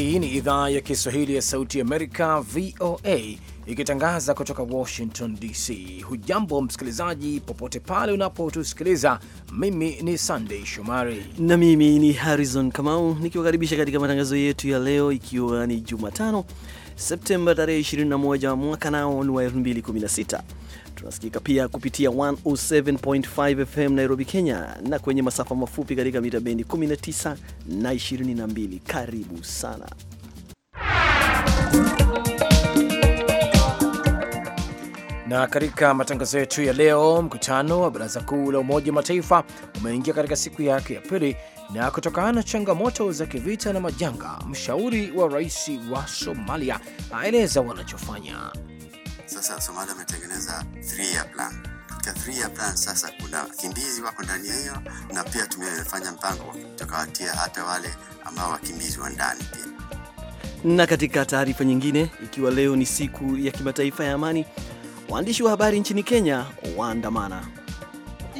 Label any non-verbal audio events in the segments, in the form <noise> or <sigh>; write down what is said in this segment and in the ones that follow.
Hii ni idhaa ya Kiswahili ya Sauti Amerika, VOA, ikitangaza kutoka Washington DC. Hujambo msikilizaji, popote pale unapotusikiliza. Mimi ni Sandei Shomari na mimi ni Harrison Kamau nikiwakaribisha katika matangazo yetu ya leo, ikiwa ni Jumatano Septemba tarehe 21 mwaka nao ni wa 2016 tunasikika pia kupitia 107.5 FM Nairobi, Kenya, na kwenye masafa mafupi katika mita bendi 19 na 22. Karibu sana na katika matangazo yetu ya leo, mkutano wa Baraza Kuu la Umoja wa Mataifa umeingia katika siku yake ya pili. Na kutokana na changamoto za kivita na majanga, mshauri wa rais wa Somalia aeleza wanachofanya. Sasa somali ametengeneza plan. Katika plan sasa kuna wakimbizi wako ndani ya hiyo, na pia tumefanya mpango tukawatia hata wale ambao wakimbizi wa ndani pia. Na katika taarifa nyingine, ikiwa leo ni siku ya kimataifa ya amani, waandishi wa habari nchini Kenya waandamana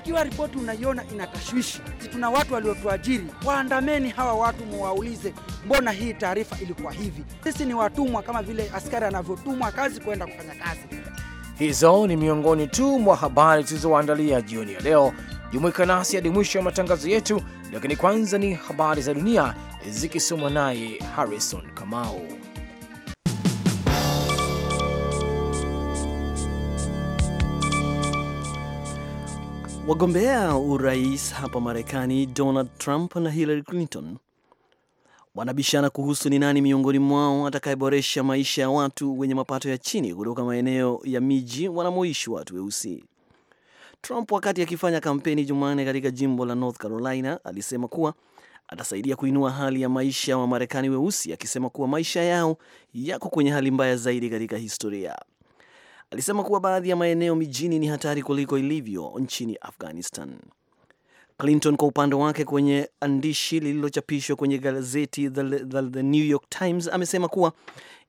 ikiwa ripoti unaiona ina tashwishi, tuna watu waliotuajiri, waandameni hawa watu, muwaulize mbona hii taarifa ilikuwa hivi. Sisi ni watumwa kama vile askari anavyotumwa kazi kwenda kufanya kazi. Hizo ni miongoni tu mwa habari zilizoandalia jioni ya leo. Jumuika nasi hadi mwisho ya matangazo yetu, lakini kwanza ni habari za dunia zikisomwa naye Harrison Kamau. Wagombea urais hapa Marekani, Donald Trump na Hillary Clinton wanabishana kuhusu ni nani miongoni mwao atakayeboresha maisha ya watu wenye mapato ya chini kutoka maeneo ya miji wanamoishi watu weusi. Trump wakati akifanya kampeni Jumanne katika jimbo la North Carolina alisema kuwa atasaidia kuinua hali ya maisha ya Wamarekani weusi, akisema kuwa maisha yao yako kwenye hali mbaya zaidi katika historia alisema kuwa baadhi ya maeneo mijini ni hatari kuliko ilivyo nchini Afghanistan. Clinton kwa upande wake, kwenye andishi lililochapishwa kwenye gazeti the, the, the New York Times amesema kuwa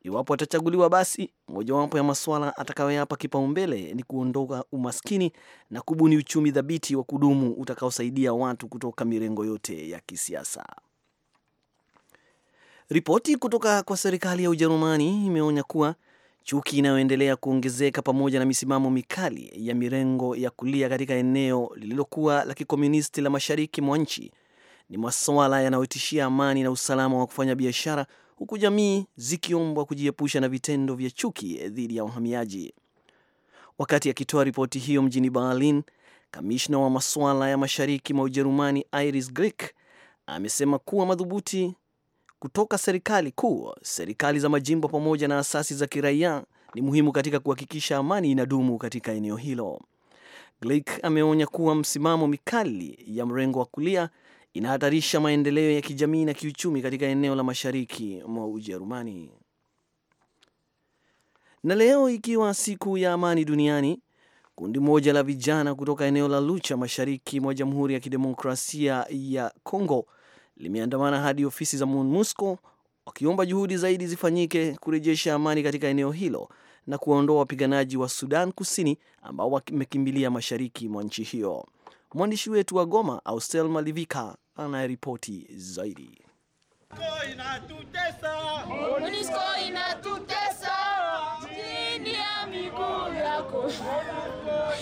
iwapo atachaguliwa, basi mojawapo ya masuala atakayoyapa kipaumbele ni kuondoka umaskini na kubuni uchumi thabiti wa kudumu utakaosaidia watu kutoka mirengo yote ya kisiasa. Ripoti kutoka kwa serikali ya Ujerumani imeonya kuwa chuki inayoendelea kuongezeka pamoja na misimamo mikali ya mirengo ya kulia katika eneo lililokuwa la kikomunisti la mashariki mwa nchi ni masuala yanayotishia amani na usalama wa kufanya biashara, huku jamii zikiombwa kujiepusha na vitendo vya chuki dhidi ya wahamiaji. Wakati akitoa ripoti hiyo mjini Berlin, kamishna wa masuala ya mashariki mwa Ujerumani Iris Grick amesema kuwa madhubuti kutoka serikali kuu, serikali za majimbo pamoja na asasi za kiraia ni muhimu katika kuhakikisha amani inadumu katika eneo hilo. Glik ameonya kuwa msimamo mikali ya mrengo wa kulia inahatarisha maendeleo ya kijamii na kiuchumi katika eneo la mashariki mwa Ujerumani. Na leo ikiwa siku ya amani duniani, kundi moja la vijana kutoka eneo la Lucha mashariki mwa Jamhuri ya Kidemokrasia ya Kongo limeandamana hadi ofisi za MONUSCO wakiomba juhudi zaidi zifanyike kurejesha amani katika eneo hilo na kuwaondoa wapiganaji wa Sudan Kusini ambao wamekimbilia mashariki mwa nchi hiyo. Mwandishi wetu wa Goma, Austel Malivika, anayeripoti zaidi.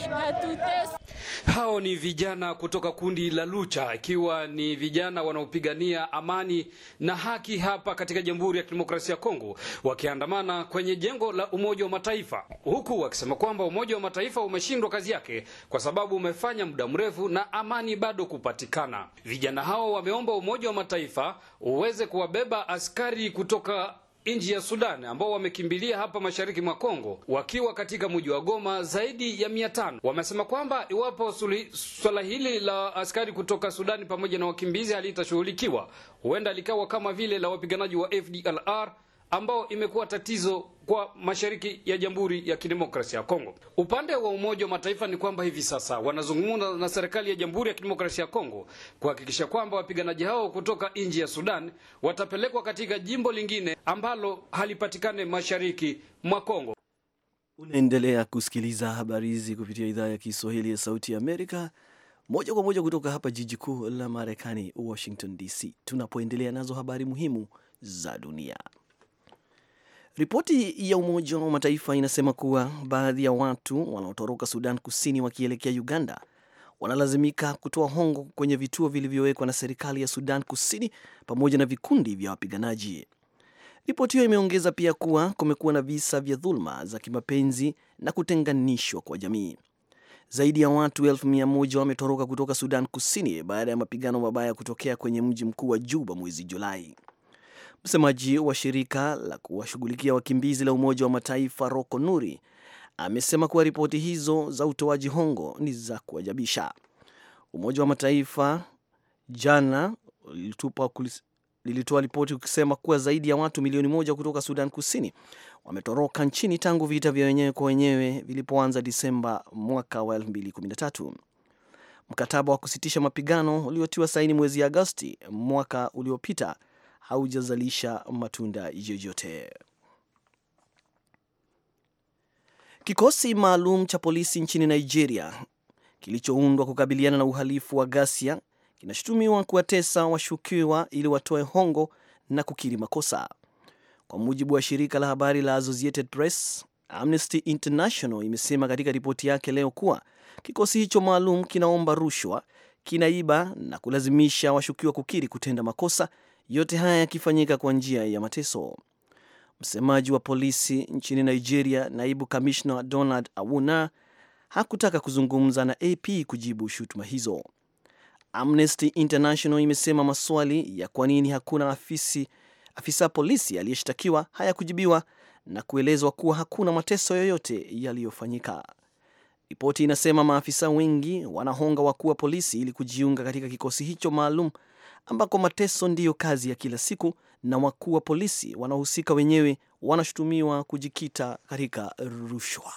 inatutesa hao ni vijana kutoka kundi la Lucha, ikiwa ni vijana wanaopigania amani na haki hapa katika Jamhuri ya Kidemokrasia ya Kongo, wakiandamana kwenye jengo la Umoja wa Mataifa, huku wakisema kwamba Umoja wa Mataifa umeshindwa kazi yake kwa sababu umefanya muda mrefu na amani bado kupatikana. Vijana hao wameomba Umoja wa Mataifa uweze kuwabeba askari kutoka nchi ya Sudan ambao wamekimbilia hapa mashariki mwa Kongo wakiwa katika mji wa Goma zaidi ya mia tano. Wamesema kwamba iwapo swala hili la askari kutoka Sudani pamoja na wakimbizi halitashughulikiwa, huenda likawa kama vile la wapiganaji wa FDLR ambao imekuwa tatizo kwa mashariki ya Jamhuri ya Kidemokrasia ya Kongo. Upande wa Umoja wa Mataifa ni kwamba hivi sasa wanazungumza na serikali ya Jamhuri ya Kidemokrasia ya Kongo kuhakikisha kwamba wapiganaji hao kutoka nchi ya Sudan watapelekwa katika jimbo lingine ambalo halipatikane mashariki mwa Kongo. Unaendelea kusikiliza habari hizi kupitia idhaa ya Kiswahili ya Sauti ya Amerika moja kwa moja kutoka hapa jiji kuu la Marekani, Washington DC, tunapoendelea nazo habari muhimu za dunia. Ripoti ya Umoja wa Mataifa inasema kuwa baadhi ya watu wanaotoroka Sudan Kusini wakielekea Uganda wanalazimika kutoa hongo kwenye vituo vilivyowekwa na serikali ya Sudan Kusini pamoja na vikundi vya wapiganaji. Ripoti hiyo imeongeza pia kuwa kumekuwa na visa vya dhuluma za kimapenzi na kutenganishwa kwa jamii. Zaidi ya watu elfu mia moja wametoroka kutoka Sudan Kusini baada ya mapigano mabaya kutokea kwenye mji mkuu wa Juba mwezi Julai. Msemaji wa shirika la kuwashughulikia wakimbizi la Umoja wa Mataifa Roko Nuri amesema kuwa ripoti hizo za utoaji hongo ni za kuajabisha. Umoja wa Mataifa jana lilitoa ripoti ukisema kuwa zaidi ya watu milioni moja kutoka Sudan Kusini wametoroka nchini tangu vita vya wenyewe kwa wenyewe vilipoanza Disemba mwaka wa 2013. Mkataba wa kusitisha mapigano uliotiwa saini mwezi Agosti mwaka uliopita haujazalisha matunda yoyote. Kikosi maalum cha polisi nchini Nigeria kilichoundwa kukabiliana na uhalifu wa ghasia kinashutumiwa kuwatesa washukiwa ili watoe hongo na kukiri makosa. Kwa mujibu wa shirika la habari la Associated Press, Amnesty International imesema katika ripoti yake leo kuwa kikosi hicho maalum kinaomba rushwa, kinaiba na kulazimisha washukiwa kukiri kutenda makosa yote haya yakifanyika kwa njia ya mateso. Msemaji wa polisi nchini Nigeria, naibu kamishna Donald Awuna hakutaka kuzungumza na AP kujibu shutuma hizo. Amnesty International imesema maswali ya kwa nini hakuna afisi, afisa polisi aliyeshtakiwa hayakujibiwa na kuelezwa kuwa hakuna mateso yoyote yaliyofanyika. Ripoti inasema maafisa wengi wanahonga wakuu wa polisi ili kujiunga katika kikosi hicho maalum ambako mateso ndiyo kazi ya kila siku na wakuu wa polisi wanaohusika wenyewe wanashutumiwa kujikita katika rushwa.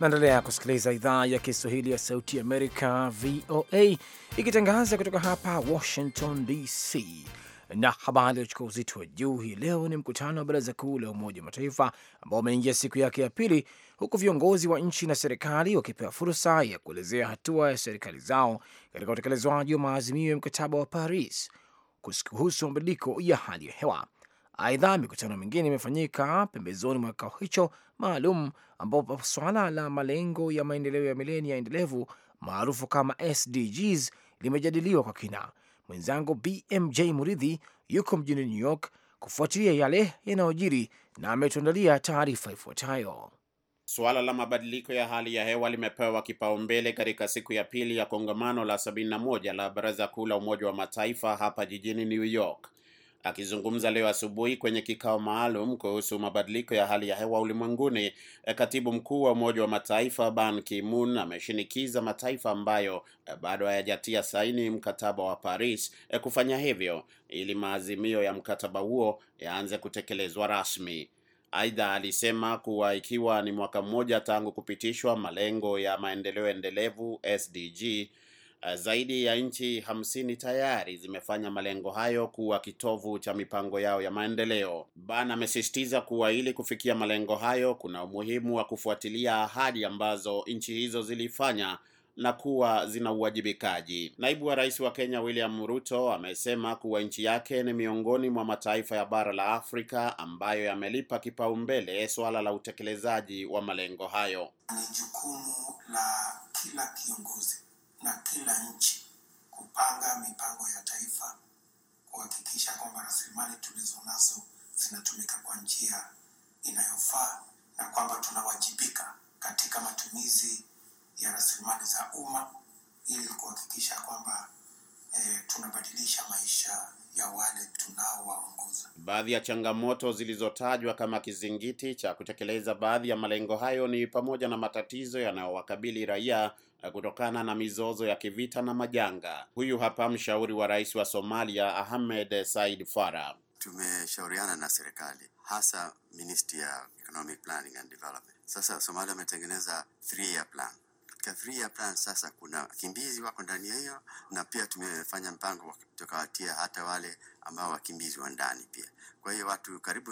Naendelea kusikiliza idhaa ya Kiswahili ya Sauti ya Amerika, VOA, ikitangaza kutoka hapa Washington DC. Na habari iliyochukua uzito wa juu hii leo ni mkutano wa baraza kuu la Umoja wa Mataifa ambao umeingia siku yake ya pili, huku viongozi wa nchi na serikali wakipewa fursa ya kuelezea hatua ya serikali zao katika utekelezwaji wa maazimio ya mkataba wa Paris kuhusu mabadiliko ya hali ya hewa. Aidha, mikutano mingine imefanyika pembezoni mwa kikao hicho maalum ambapo swala la malengo ya maendeleo ya milenia endelevu maarufu kama SDGs limejadiliwa kwa kina Mwenzangu BMJ Muridhi yuko mjini New York kufuatilia yale yanayojiri na ametuandalia taarifa ifuatayo. Suala la mabadiliko ya hali ya hewa limepewa kipaumbele katika siku ya pili ya kongamano la 71 la Baraza Kuu la Umoja wa Mataifa hapa jijini New York. Akizungumza leo asubuhi kwenye kikao maalum kuhusu mabadiliko ya hali ya hewa ulimwenguni, eh, katibu mkuu wa Umoja wa Mataifa Ban Ki-moon ameshinikiza mataifa ambayo eh, bado hayajatia saini mkataba wa Paris eh, kufanya hivyo ili maazimio ya mkataba huo yaanze kutekelezwa rasmi. Aidha, alisema kuwa ikiwa ni mwaka mmoja tangu kupitishwa malengo ya maendeleo endelevu SDG Eh, zaidi ya nchi hamsini tayari zimefanya malengo hayo kuwa kitovu cha mipango yao ya maendeleo. Ban amesisitiza kuwa ili kufikia malengo hayo kuna umuhimu wa kufuatilia ahadi ambazo nchi hizo zilifanya na kuwa zina uwajibikaji. Naibu wa rais wa Kenya William Ruto amesema kuwa nchi yake ni miongoni mwa mataifa ya bara la Afrika ambayo yamelipa kipaumbele suala la utekelezaji wa malengo hayo. Ni jukumu la kila kiongozi na kila nchi kupanga mipango ya taifa kuhakikisha kwamba rasilimali tulizo nazo zinatumika kwa njia inayofaa na kwamba tunawajibika katika matumizi ya rasilimali za umma ili kuhakikisha kwamba eh, tunabadilisha maisha ya wale tunaowaongoza. Baadhi ya changamoto zilizotajwa kama kizingiti cha kutekeleza baadhi ya malengo hayo ni pamoja na matatizo yanayowakabili raia eh, kutokana na mizozo ya kivita na majanga. Huyu hapa mshauri wa rais wa Somalia Ahmed Said Farah. Tumeshauriana na serikali hasa Ministry ya Economic Planning and Development. Sasa Somalia ametengeneza three year plan katika free ya plan. Sasa kuna wakimbizi wako ndani ya hiyo, na pia tumefanya mpango tukawatia hata wale ambao wakimbizi wa ndani pia. Kwa hiyo watu karibu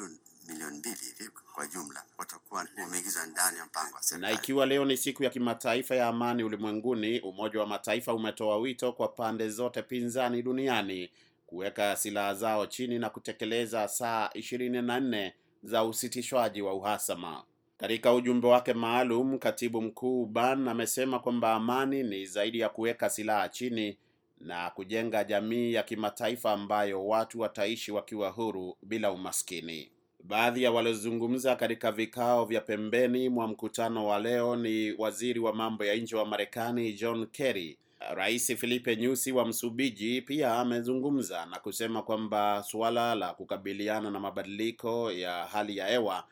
milioni mbili hivi kwa jumla watakuwa wameingizwa ndani ya mpango wa Na ikiwa leo ni siku ya kimataifa ya amani ulimwenguni, Umoja wa Mataifa umetoa wito kwa pande zote pinzani duniani kuweka silaha zao chini na kutekeleza saa ishirini na nne za usitishwaji wa uhasama. Katika ujumbe wake maalum, katibu mkuu Ban amesema kwamba amani ni zaidi ya kuweka silaha chini na kujenga jamii ya kimataifa ambayo watu wataishi wakiwa huru bila umaskini. Baadhi ya waliozungumza katika vikao vya pembeni mwa mkutano wa leo ni waziri wa mambo ya nje wa Marekani John Kerry. Rais Filipe Nyusi wa Msumbiji pia amezungumza na kusema kwamba suala la kukabiliana na mabadiliko ya hali ya hewa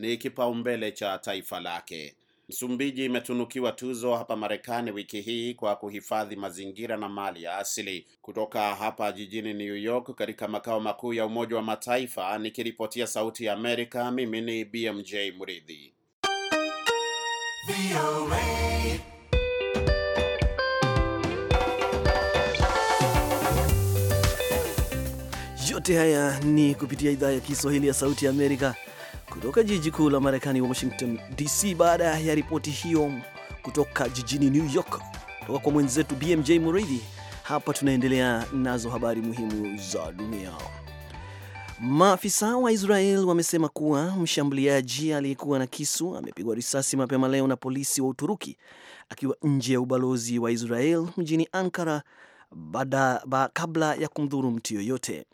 ni kipaumbele cha taifa lake. Msumbiji imetunukiwa tuzo hapa Marekani wiki hii kwa kuhifadhi mazingira na mali ya asili. Kutoka hapa jijini New York katika makao makuu ya Umoja wa Mataifa, nikiripotia Sauti ya Amerika, mimi ni BMJ mridhi Yote haya ni kupitia idhaa ya Kiswahili ya Sauti ya Amerika kutoka jiji kuu la Marekani, Washington DC, baada ya ripoti hiyo kutoka jijini New York kutoka kwa mwenzetu BMJ Muridhi. Hapa tunaendelea nazo habari muhimu za dunia. Maafisa wa Israel wamesema kuwa mshambuliaji aliyekuwa na kisu amepigwa risasi mapema leo na polisi wa Uturuki akiwa nje ya ubalozi wa Israel mjini Ankara bada, ba, kabla ya kumdhuru mtu yoyote.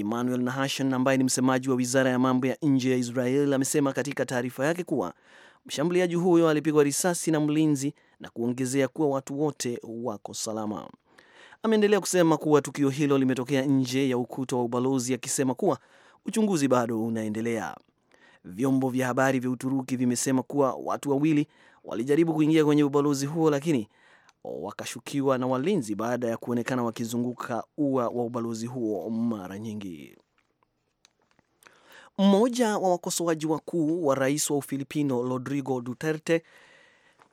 Emmanuel Nahashan ambaye ni msemaji wa wizara ya mambo ya nje ya Israel amesema katika taarifa yake kuwa mshambuliaji huyo alipigwa risasi na mlinzi na kuongezea kuwa watu wote wako salama. Ameendelea kusema kuwa tukio hilo limetokea nje ya ukuta wa ubalozi, akisema kuwa uchunguzi bado unaendelea. Vyombo vya habari vya Uturuki vimesema kuwa watu wawili walijaribu kuingia kwenye ubalozi huo, lakini wakashukiwa na walinzi baada ya kuonekana wakizunguka ua wa ubalozi huo mara nyingi. Mmoja wa wakosoaji wakuu wa rais wa Ufilipino Rodrigo Duterte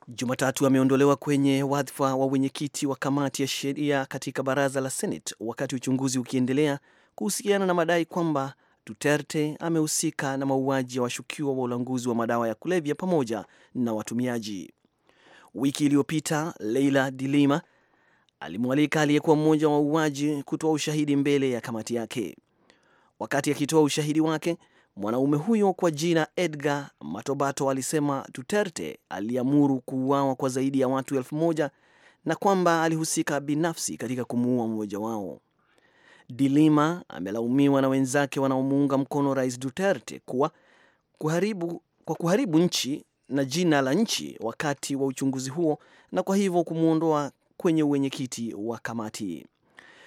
Jumatatu ameondolewa kwenye wadhifa wa wenyekiti wa kamati ya sheria katika baraza la Senate wakati uchunguzi ukiendelea kuhusiana na madai kwamba Duterte amehusika na mauaji ya washukiwa wa ulanguzi wa madawa ya kulevya pamoja na watumiaji. Wiki iliyopita Leila Dilima alimwalika aliyekuwa mmoja wa wauaji kutoa ushahidi mbele ya kamati yake. Wakati akitoa ya ushahidi wake, mwanaume huyo kwa jina Edgar Matobato alisema Duterte aliamuru kuuawa kwa zaidi ya watu elfu moja na kwamba alihusika binafsi katika kumuua mmoja wao. Dilima amelaumiwa na wenzake wanaomuunga mkono Rais Duterte kuwa kuharibu, kwa kuharibu nchi na jina la nchi wakati wa uchunguzi huo na kwa hivyo kumwondoa kwenye uwenyekiti wa kamati.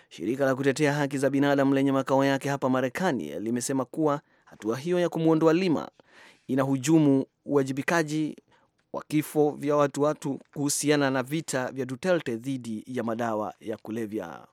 Shirika la kutetea haki za binadamu lenye makao yake hapa Marekani limesema kuwa hatua hiyo ya kumwondoa Lima inahujumu uwajibikaji wa kifo vya watu watu kuhusiana na vita vya Duterte dhidi ya madawa ya kulevya.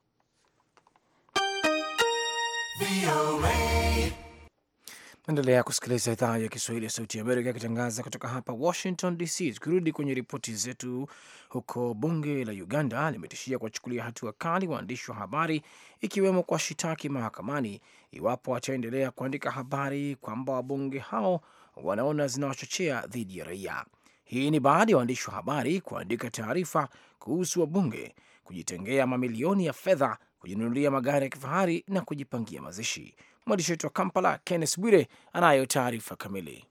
Naendelea kusikiliza idhaa ya Kiswahili ya Sauti ya Amerika ikitangaza kutoka hapa Washington DC. Tukirudi kwenye ripoti zetu, huko bunge la Uganda limetishia kuwachukulia hatua kali waandishi wa habari, ikiwemo kwa shitaki mahakamani iwapo wataendelea kuandika habari kwamba wabunge hao wanaona zinawachochea dhidi ya raia. Hii ni baada ya waandishi wa habari kuandika taarifa kuhusu wabunge kujitengea mamilioni ya fedha, kujinunulia magari ya kifahari na kujipangia mazishi. Mwandishi wetu wa Kampala, Kenneth Bwire, anayo taarifa kamili.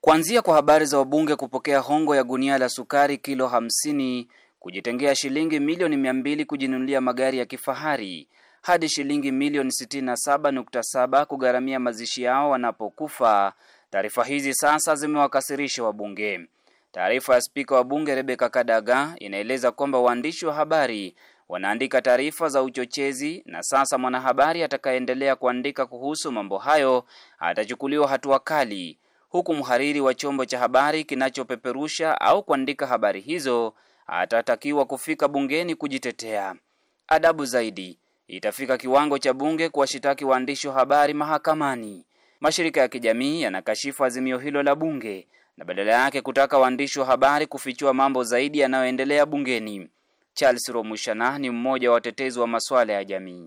Kuanzia kwa habari za wabunge kupokea hongo ya gunia la sukari kilo 50, kujitengea shilingi milioni 200 kujinunulia magari ya kifahari hadi shilingi milioni 67.7 kugharamia mazishi yao wanapokufa. Taarifa hizi sasa zimewakasirisha wabunge. Taarifa ya spika wa bunge rebeka Kadaga inaeleza kwamba waandishi wa habari wanaandika taarifa za uchochezi, na sasa mwanahabari atakayeendelea kuandika kuhusu mambo hayo atachukuliwa hatua kali, huku mhariri wa chombo cha habari kinachopeperusha au kuandika habari hizo atatakiwa kufika bungeni kujitetea. Adabu zaidi itafika kiwango cha bunge kuwashitaki waandishi wa habari mahakamani. Mashirika ya kijamii yanakashifu azimio hilo la bunge na badala yake kutaka waandishi wa habari kufichua mambo zaidi yanayoendelea bungeni. Charles Romushana ni mmoja wa watetezi wa masuala ya jamii.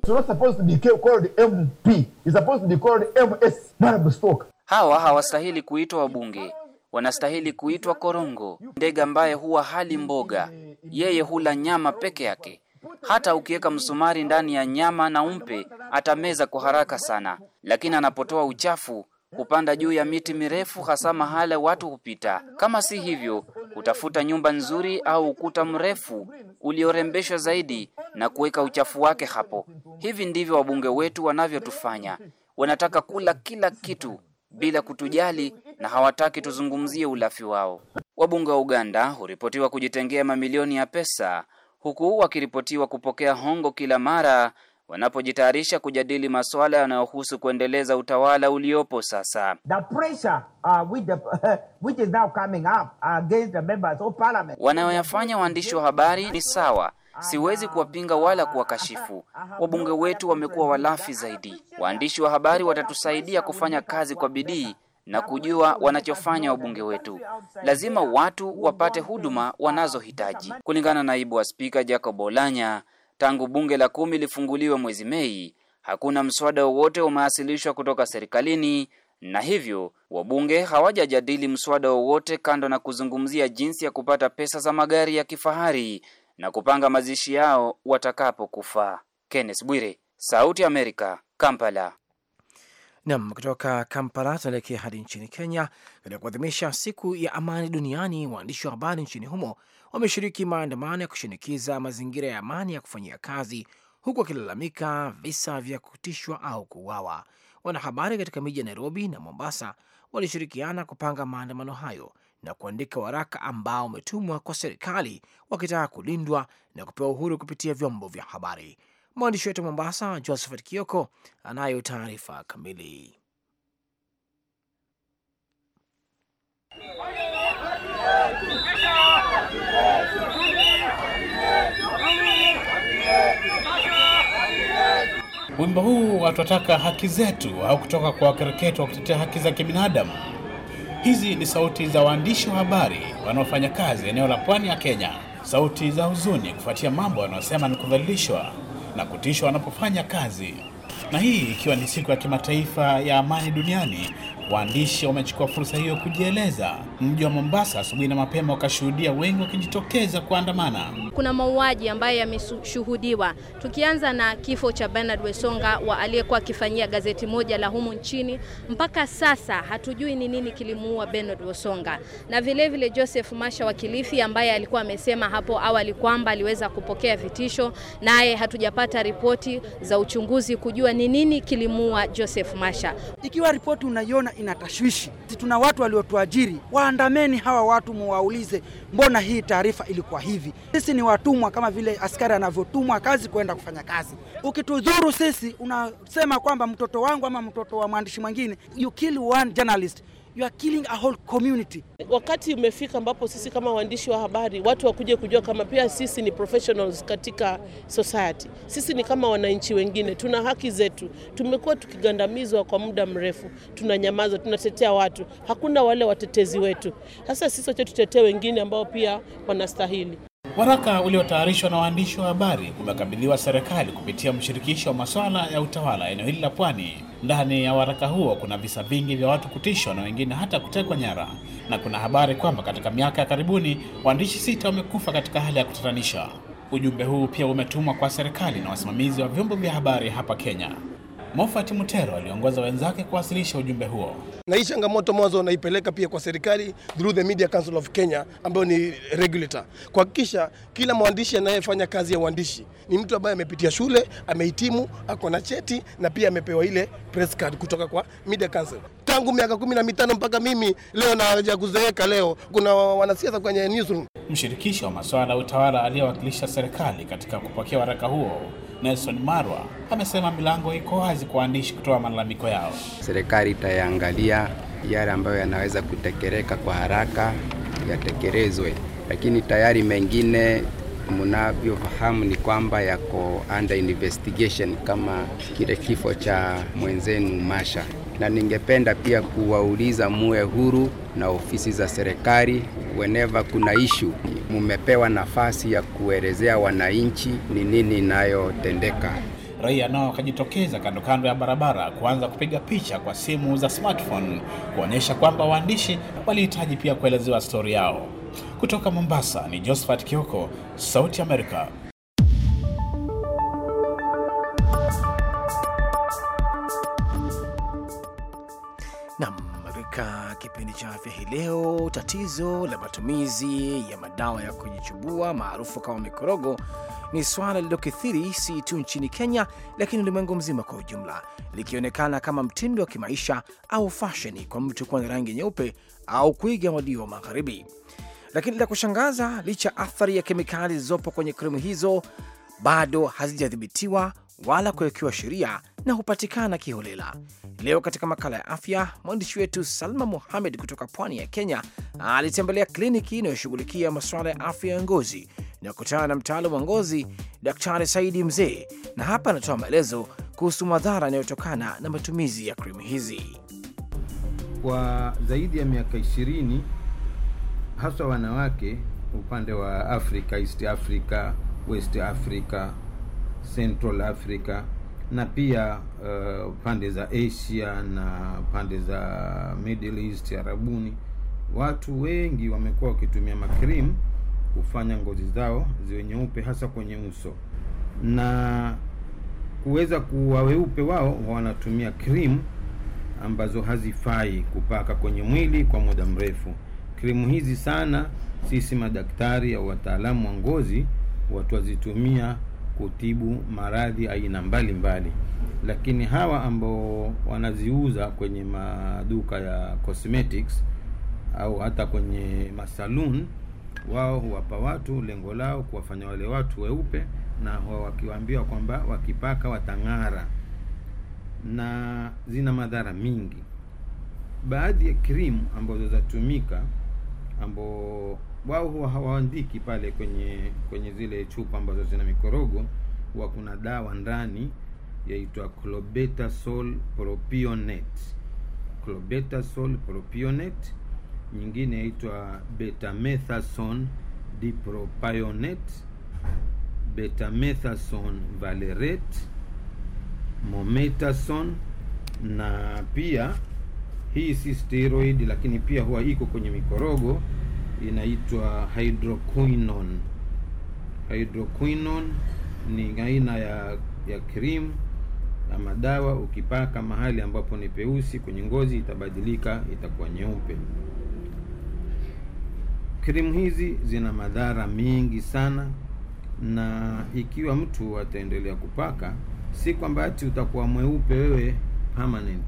Hawa hawastahili kuitwa wabunge, wanastahili kuitwa korongo, ndege ambaye huwa hali mboga. Yeye hula nyama peke yake. Hata ukiweka msumari ndani ya nyama na umpe, atameza kwa haraka sana, lakini anapotoa uchafu kupanda juu ya miti mirefu, hasa mahala watu hupita. Kama si hivyo, hutafuta nyumba nzuri au ukuta mrefu uliorembeshwa zaidi na kuweka uchafu wake hapo. Hivi ndivyo wabunge wetu wanavyotufanya. Wanataka kula kila kitu bila kutujali na hawataki tuzungumzie ulafi wao. Wabunge wa Uganda huripotiwa kujitengea mamilioni ya pesa huku wakiripotiwa kupokea hongo kila mara wanapojitayarisha kujadili masuala yanayohusu kuendeleza utawala uliopo sasa. Uh, <laughs> Wanayoyafanya waandishi wa habari ni sawa Siwezi kuwapinga wala kuwakashifu. Wabunge wetu wamekuwa walafi zaidi. Waandishi wa habari watatusaidia kufanya kazi kwa bidii na kujua wanachofanya wabunge wetu. Lazima watu wapate huduma wanazohitaji. Kulingana na naibu wa spika Jacob Olanya, Tangu bunge la kumi lifunguliwe mwezi Mei, hakuna mswada wowote umewasilishwa kutoka serikalini na hivyo wabunge hawajajadili mswada wowote kando na kuzungumzia jinsi ya kupata pesa za magari ya kifahari na kupanga mazishi yao watakapokufa. Kenneth Bwire, Sauti Amerika, Kampala. Nam, kutoka Kampala tunaelekea hadi nchini Kenya katika kuadhimisha siku ya amani duniani. Waandishi wa habari nchini humo wameshiriki maandamano ya kushinikiza mazingira ya amani ya kufanyia kazi, huku wakilalamika visa vya kutishwa au kuuawa. Wanahabari katika miji ya Nairobi na Mombasa walishirikiana kupanga maandamano hayo na kuandika waraka ambao umetumwa kwa serikali wakitaka kulindwa na kupewa uhuru kupitia vyombo vya habari. Mwandishi wetu Mombasa, Josephat Kioko, anayo taarifa kamili. Wimbo huu watwataka haki zetu au kutoka kwa wakereketo wa kutetea haki za kibinadamu. Hizi ni sauti za waandishi wa habari wanaofanya kazi eneo la pwani ya Kenya, sauti za huzuni kufuatia mambo wanaosema ni kudhalilishwa na kutishwa wanapofanya kazi, na hii ikiwa ni siku ya kimataifa ya amani duniani Waandishi wamechukua fursa hiyo kujieleza. Mji wa Mombasa asubuhi na mapema wakashuhudia wengi wakijitokeza kuandamana. Kuna mauaji ambayo yameshuhudiwa, tukianza na kifo cha Bernard Wesonga wa aliyekuwa akifanyia gazeti moja la humu nchini. Mpaka sasa hatujui ni nini kilimuua Bernard Wesonga, na vilevile vile Joseph Masha wa Kilifi ambaye alikuwa amesema hapo awali kwamba aliweza kupokea vitisho, naye hatujapata ripoti za uchunguzi kujua ni nini kilimuua Joseph Masha. Ikiwa ripoti unaiona ina tashwishi Tuna watu waliotuajiri, waandameni hawa watu, muwaulize mbona hii taarifa ilikuwa hivi. Sisi ni watumwa kama vile askari anavyotumwa kazi kwenda kufanya kazi. Ukitudhuru sisi, unasema kwamba mtoto wangu ama mtoto wa mwandishi mwingine, you kill one journalist You are killing a whole community. Wakati umefika ambapo sisi kama waandishi wa habari watu wakuje kujua kama pia sisi ni professionals katika society. Sisi ni kama wananchi wengine, tuna haki zetu. Tumekuwa tukigandamizwa kwa muda mrefu, tunanyamaza, tunatetea watu, hakuna wale watetezi wetu. Sasa sisi wache tutetee wengine ambao pia wanastahili. Waraka uliotayarishwa na waandishi wa habari umekabidhiwa serikali kupitia mshirikisho wa masuala ya utawala eneo hili la Pwani. Ndani ya waraka huo kuna visa vingi vya watu kutishwa na wengine hata kutekwa nyara, na kuna habari kwamba katika miaka ya karibuni waandishi sita wamekufa katika hali ya kutatanisha. Ujumbe huu pia umetumwa kwa serikali na wasimamizi wa vyombo vya habari hapa Kenya. Mofat Mutero aliongoza wenzake kuwasilisha ujumbe huo. Na hii changamoto mwanzo naipeleka pia kwa serikali through the Media Council of Kenya ambayo ni regulator, kuhakikisha kila mwandishi anayefanya kazi ya uandishi ni mtu ambaye amepitia shule, amehitimu, ako na cheti na pia amepewa ile press card kutoka kwa Media Council. Tangu miaka kumi na mitano mpaka mimi leo naja kuzeeka, leo kuna wanasiasa kwenye newsroom. Mshirikisho wa masuala ya utawala aliyewakilisha serikali katika kupokea waraka huo Nelson Marwa amesema milango iko wazi kwa waandishi kutoa malalamiko yao. Serikali itayaangalia yale ambayo yanaweza kutekeleka kwa haraka yatekelezwe, lakini tayari mengine mnavyofahamu ni kwamba yako under investigation, kama kile kifo cha mwenzenu Masha na ningependa pia kuwauliza muwe huru na ofisi za serikali weneva kuna ishu mumepewa nafasi ya kuelezea wananchi ni nini inayotendeka. Raia nao wakajitokeza kando kando ya barabara kuanza kupiga picha kwa simu za smartphone kuonyesha kwamba waandishi walihitaji pia kuelezewa stori yao. Kutoka Mombasa ni Josephat Kioko, Sauti Amerika. kipindi cha afya hii leo, tatizo la matumizi ya madawa ya kujichubua maarufu kama mikorogo ni swala lililokithiri si tu nchini Kenya, lakini ulimwengu mzima kwa ujumla, likionekana kama mtindo wa kimaisha au fasheni kwa mtu kuwa na rangi nyeupe au kuiga walio wa magharibi. Lakini la kushangaza, licha athari ya kemikali zilizopo kwenye krimu hizo, bado hazijadhibitiwa wala kuwekewa sheria na hupatikana kiholela. Leo katika makala ya afya, mwandishi wetu Salma muhamed kutoka pwani ya Kenya alitembelea kliniki inayoshughulikia masuala ya afya ya ngozi na kutana na mtaalamu wa ngozi Daktari Saidi Mzee, na hapa anatoa maelezo kuhusu madhara yanayotokana na matumizi ya krimu hizi. Kwa zaidi ya miaka ishirini, haswa wanawake upande wa Afrika, East Africa, West Africa, Central Africa na pia uh, pande za Asia na pande za Middle East Arabuni, watu wengi wamekuwa wakitumia makrim kufanya ngozi zao ziwe nyeupe, hasa kwenye uso na kuweza kuwa weupe wao wanatumia krimu ambazo hazifai kupaka kwenye mwili kwa muda mrefu. Krimu hizi sana sisi madaktari au wataalamu wa ngozi watu wazitumia kutibu maradhi aina mbalimbali, lakini hawa ambao wanaziuza kwenye maduka ya cosmetics au hata kwenye masalun, wao huwapa watu, lengo lao kuwafanya wale watu weupe, na wakiwaambiwa kwamba wakipaka watang'ara, na zina madhara mingi. Baadhi ya krimu ambazo zatumika ambao wao huwa hawaandiki pale kwenye kwenye zile chupa ambazo zina mikorogo, huwa kuna dawa ndani yaitwa clobetasol propionate, clobetasol propionate, nyingine yaitwa betamethason dipropionate, betamethason valerate, mometason na pia hii si steroid, lakini pia huwa iko kwenye mikorogo inaitwa hydroquinone. Hydroquinone ni aina ya ya cream na madawa, ukipaka mahali ambapo ni peusi kwenye ngozi itabadilika, itakuwa nyeupe. Krimu hizi zina madhara mengi sana, na ikiwa mtu ataendelea kupaka, si kwamba ati utakuwa mweupe wewe permanent.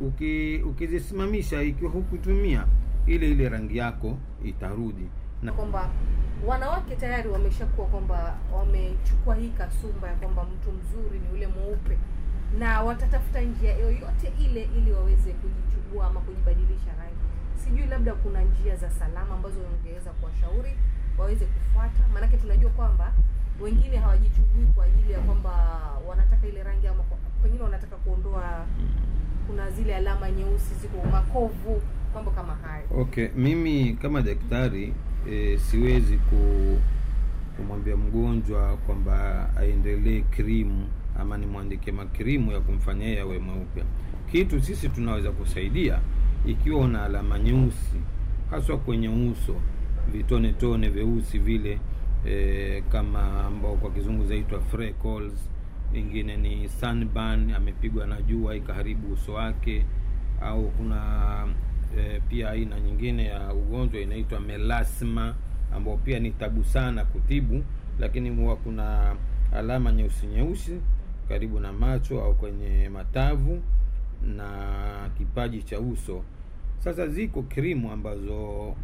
Uki, ukizisimamisha ikiwa hukutumia ile ile rangi yako itarudi na kwamba wanawake tayari wameshakuwa kwamba wamechukua hii kasumba ya kwamba mtu mzuri ni ule mweupe, na watatafuta njia yoyote ile ili waweze kujichubua ama kujibadilisha rangi. Sijui labda kuna njia za salama ambazo ungeweza kuwashauri waweze kufuata, maanake tunajua kwamba wengine hawajichubui kwa ajili ya kwamba wanataka ile rangi ama pengine wanataka kuondoa, kuna zile alama nyeusi ziko makovu mambo kama hayo. Okay, mimi kama daktari e, siwezi ku kumwambia mgonjwa kwamba aendelee krimu ama nimwandike makrimu ya kumfanyia yawe mweupe. Kitu sisi tunaweza kusaidia ikiwa una alama nyeusi haswa kwenye uso, vitone tone vyeusi vile e, kama ambao kwa kizungu zaitwa freckles, ingine ni sunburn, amepigwa na jua ikaharibu uso wake, au kuna e, pia aina nyingine ya ugonjwa inaitwa melasma ambao pia ni tabu sana kutibu, lakini huwa kuna alama nyeusi nyeusi karibu na macho au kwenye matavu na kipaji cha uso. Sasa ziko krimu ambazo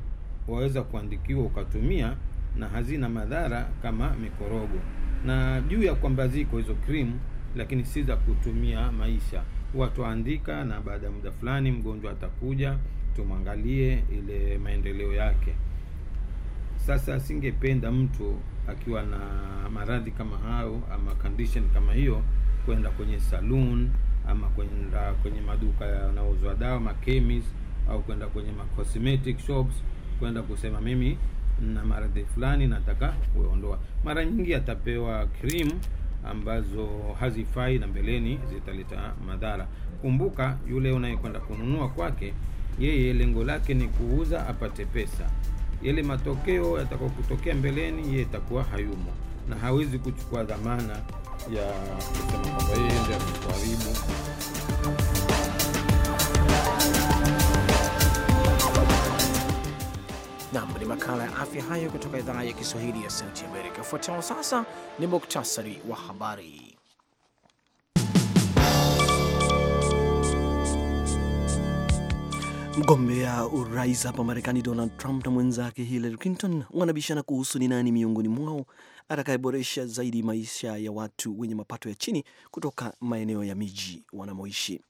waweza kuandikiwa ukatumia na hazina madhara kama mikorogo, na juu ya kwamba ziko hizo krimu, lakini si za kutumia maisha huwa twaandika, na baada ya muda fulani mgonjwa atakuja tumwangalie ile maendeleo yake. Sasa singependa mtu akiwa na maradhi kama hayo ama condition kama hiyo kwenda kwenye saloon ama kwenda kwenye maduka yanayouzwa dawa ma chemist, au kwenda kwenye ma cosmetic shops kwenda kusema mimi na maradhi fulani nataka kuondoa. Mara nyingi atapewa cream ambazo hazifai na mbeleni zitaleta madhara. Kumbuka, yule unayekwenda kununua kwake, yeye lengo lake ni kuuza apate pesa. Yale matokeo yatakao kutokea mbeleni, yeye itakuwa hayumo na hawezi kuchukua dhamana ya kusema kwamba yeye ndiye amekuharibu. Nam, ni makala ya afya hayo kutoka idhaa ya Kiswahili ya Sauti Amerika. Fuatao sasa ni muktasari wa habari. Mgombea urais hapa Marekani Donald Trump na mwenzake Hillary Clinton wanabishana kuhusu ni nani miongoni mwao atakayeboresha zaidi maisha ya watu wenye mapato ya chini kutoka maeneo ya miji wanamoishi.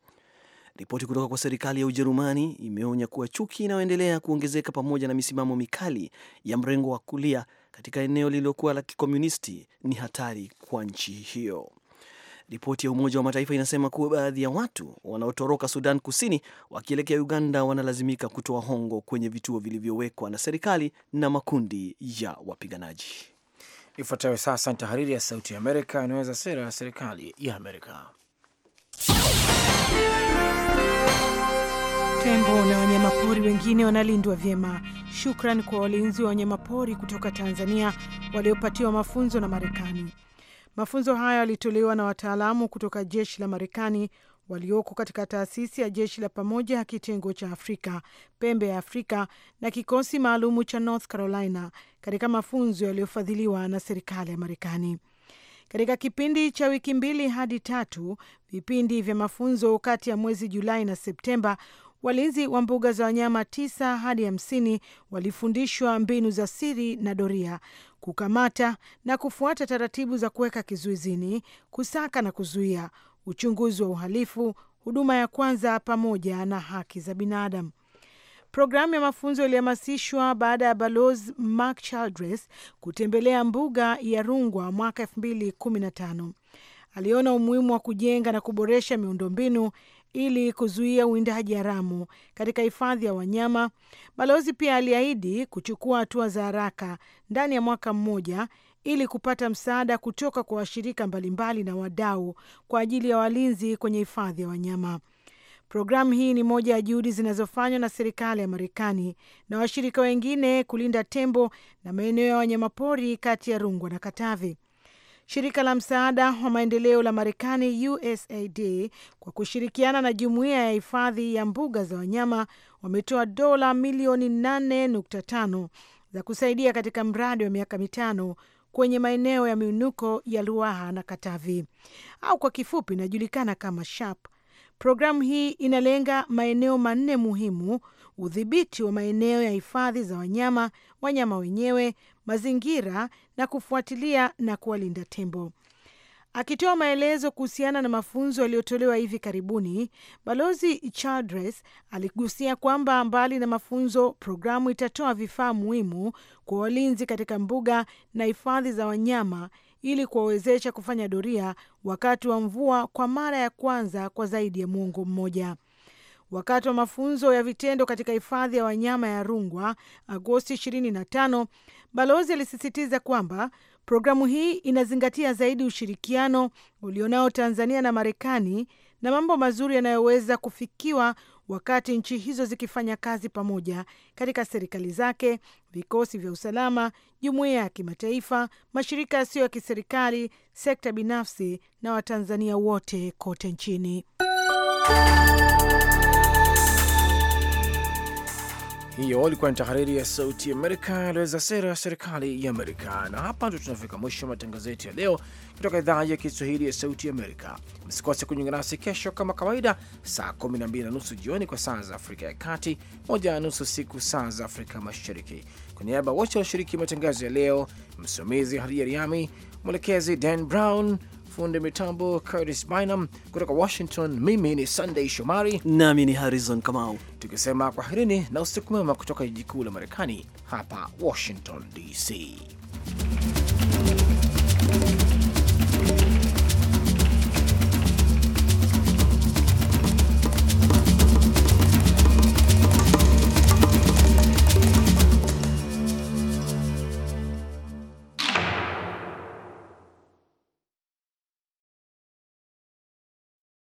Ripoti kutoka kwa serikali ya Ujerumani imeonya kuwa chuki inayoendelea kuongezeka pamoja na misimamo mikali ya mrengo wa kulia katika eneo lililokuwa la kikomunisti ni hatari kwa nchi hiyo. Ripoti ya Umoja wa Mataifa inasema kuwa baadhi ya watu wanaotoroka Sudan Kusini wakielekea Uganda wanalazimika kutoa hongo kwenye vituo vilivyowekwa na serikali na makundi ya wapiganaji. Ifuatayo sasa ni tahariri ya Sauti ya Amerika inaweza sera ya serikali ya Amerika. Tembo na wanyamapori wengine wanalindwa vyema Shukran kwa walinzi wa wanyamapori kutoka Tanzania waliopatiwa mafunzo na Marekani. Mafunzo haya yalitolewa na wataalamu kutoka jeshi la Marekani walioko katika taasisi ya jeshi la pamoja ya kitengo cha Afrika, pembe ya Afrika na kikosi maalumu cha North Carolina katika mafunzo yaliyofadhiliwa na serikali ya Marekani. Katika kipindi cha wiki mbili hadi tatu, vipindi vya mafunzo kati ya mwezi Julai na Septemba, Walinzi wa mbuga za wanyama tisa hadi hamsini walifundishwa mbinu za siri na doria, kukamata na kufuata taratibu za kuweka kizuizini, kusaka na kuzuia, uchunguzi wa uhalifu, huduma ya kwanza, pamoja na haki za binadamu. Programu ya mafunzo ilihamasishwa baada ya balozi Mark Childress kutembelea mbuga ya Rungwa mwaka 2015. Aliona umuhimu wa kujenga na kuboresha miundombinu ili kuzuia uwindaji haramu katika hifadhi ya wanyama. Balozi pia aliahidi kuchukua hatua za haraka ndani ya mwaka mmoja ili kupata msaada kutoka kwa washirika mbalimbali na wadau kwa ajili ya walinzi kwenye hifadhi ya wanyama. Programu hii ni moja ya juhudi zinazofanywa na serikali ya Marekani na washirika wengine kulinda tembo na maeneo ya wanyamapori kati ya rungwa na Katavi. Shirika la msaada wa maendeleo la Marekani, USAID, kwa kushirikiana na jumuiya ya hifadhi ya mbuga za wanyama wametoa dola milioni 8.5 za kusaidia katika mradi wa miaka mitano kwenye maeneo ya miunuko ya Ruaha na Katavi, au kwa kifupi inajulikana kama SHAP. Programu hii inalenga maeneo manne muhimu udhibiti wa maeneo ya hifadhi za wanyama, wanyama wenyewe, mazingira na kufuatilia na kuwalinda tembo. Akitoa maelezo kuhusiana na mafunzo yaliyotolewa hivi karibuni, Balozi Chadres aligusia kwamba mbali na mafunzo, programu itatoa vifaa muhimu kwa walinzi katika mbuga na hifadhi za wanyama ili kuwawezesha kufanya doria wakati wa mvua kwa mara ya kwanza kwa zaidi ya mwongo mmoja wakati wa mafunzo ya vitendo katika hifadhi ya wanyama ya Rungwa Agosti 25, balozi alisisitiza kwamba programu hii inazingatia zaidi ushirikiano ulionao Tanzania na Marekani na mambo mazuri yanayoweza kufikiwa wakati nchi hizo zikifanya kazi pamoja katika serikali zake, vikosi vya usalama, jumuiya ya kimataifa, mashirika yasiyo ya kiserikali, sekta binafsi na Watanzania wote kote nchini. Hiyo ilikuwa ni tahariri ya Sauti Amerika aliweza sera ya serikali ya Amerika. Na hapa ndio tunafika mwisho wa matangazo yetu ya leo kutoka idhaa ya Kiswahili ya Sauti Amerika. Msikose kujiunga nasi kesho kama kawaida, saa 12 na nusu jioni kwa saa za Afrika ya Kati, moja na nusu siku saa za Afrika Mashariki. Kwa niaba wote walioshiriki matangazo ya leo, msimamizi Hadia Riami, mwelekezi Dan Brown, fundi mitambo Curtis Bynum kutoka Washington. Mimi ni Sunday Shomari nami ni Harrison Kamau, tukisema kwaherini na usiku mwema kutoka jiji kuu la Marekani hapa Washington DC.